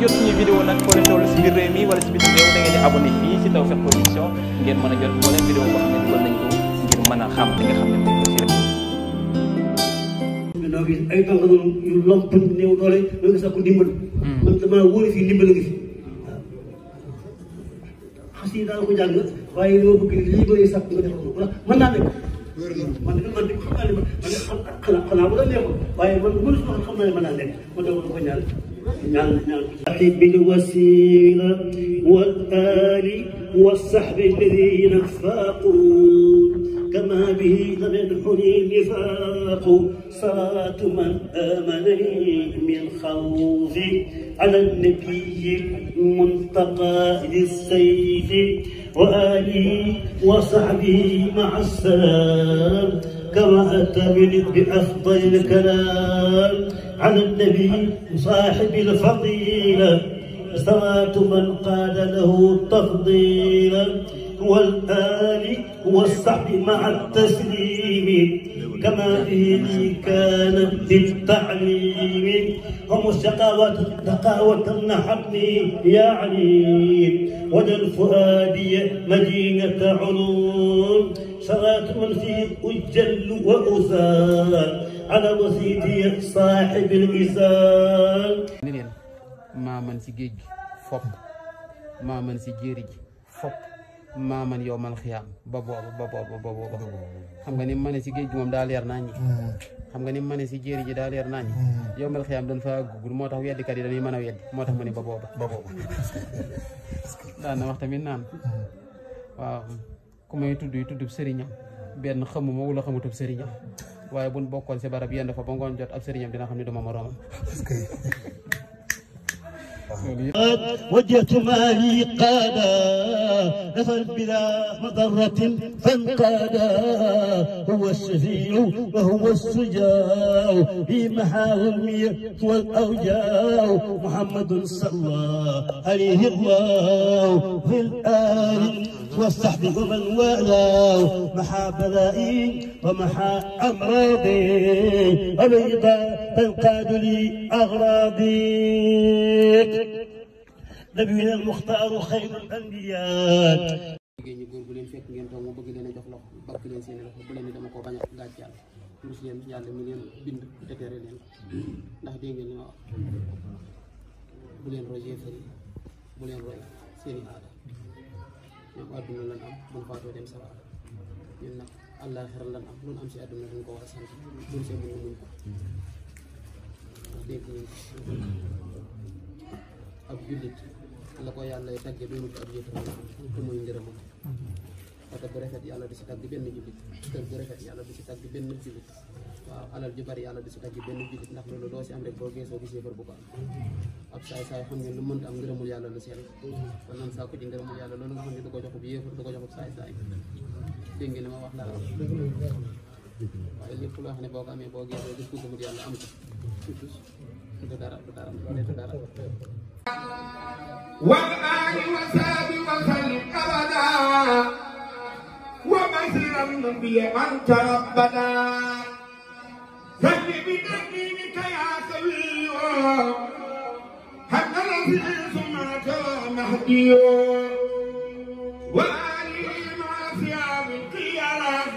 jot suñu vidéo nag foo leen toll si biir réew mi wala si bitim réew da ngeen di abonné fii si Tawfekh ngeen mën a jot moo leen vidéo boo xam ne dugal a xam li nga xam ne moom la ay tànk noonu yu lomp néew doole mën nga sàkku ndimbal. Hmm. man damaa wóor fii ndimbal ngi fi waaw. yi daal ko jàng waaye li ma bëgg lii may sàkku nga defal ko mën naa nekk. man li ma li xam naa li ma xanaa xanaa bu la neexoon waaye man bu ma xam naa ne mën naa nekk ma doon ko ñaan ñaan ñaan. أحب الوسيلة والآل والصحب الذين فاقوا ما به ظننحني النفاق صلاة من آمنني من خوف على النبي منتقى للسيف وآله وصحبه مع السلام كما أتى بأفضل الكلام على النبي صاحب الفضيلة صلاة من قال له التفضيل والآل والصحب مع التسليم كما به كان بالتعليم هم الشقاوة تقاوة نحبني يا علي وجل فؤادي مدينة علوم شرات من فيه أجل وأزال على وسيدي صاحب الإزال maa man si géej gi fopp maa man si jéeri ji fopp maaman yow mal xiyaam ba booba ba booba xam nga ni mu mane si géej gi moom daa leer naa ñi xam nga ni mu mane si jéeri ji daa leer naa ñi yow mal xiyaam dañ fa gugul moo tax weddikat yi dañuy mën a weddi moo tax mu ne ba booba ba booba daan na wax tamit naan waaw ku may tudd yu tuddub sëriñam benn xamuma wala xamutub sëriñam waaye buñ bokkoon si barab yenn fa ba ngoon jot ab sëriñam dina xam ne duma moroomam وجهت مالي قادا نفر بلا مضرة فانقادا هو الشفيع وهو السجاع في محاومي والأوجاع محمد صلى عليه الله في الآل والصحب ومن والاه محا بلائي ومحا أمراضي أبيضا تنقاد لي أغراضي nabiyuna al muxtaaru xayrul anbiyaa jigéen ñi góor bu leen fekk ngeen toog mu bëgg leen a jox loxo bakk leen seen loxo bu leen dama koo bañ a gàcc yàlla mos leen yàlla mi leen bind défere leen ndax dégg ngeen li bu leen roy bu leen roy seeni aada ñoom àdduna lan am buñ faatoo dem sa waara ñun nag àllaaxira lan am lu am si àdduna dañ ko war a sant si see mën muñ ko dégg ngeen ab jullit la ko yàlla tagge doonu fi ab yéefar te mooy yàlla du si tagg benn jullit kër bu yàlla du si tagg benn jullit waaw alal ju bari yàlla du si tagg benn jullit ndax loolu doo si am rek boo geesoo gis yéefar bu ko am ab saay saay xam ne lu mënta am ngërëmul yàlla la si rek kon nan saa ko yàlla loolu nga xam ne du ko joxub yéefar du ko joxub saay saay dégg nga li ma wax laa waaye lépp loo xam ne boo ko amee boo geesoo gis ku gëmul yàlla am ko du dara du dara du dara والآل وساب وسلم أبدا وبشر النبي من تربدا سل بتكريمك يا سوي حتى الرفيع سمعك ومهدي وآله مع ثياب القيادة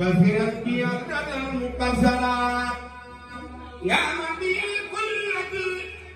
بشرت بيدك المبشرة يا نبي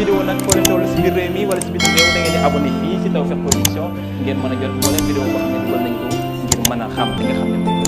vidéo nag foo leen toll si biir réew mi wala si biir réew da ngeen di abonné fii si Tawfekh Production ngeen mën a jot moo leen vidéo boo xam ne dugal nañ ko a li nga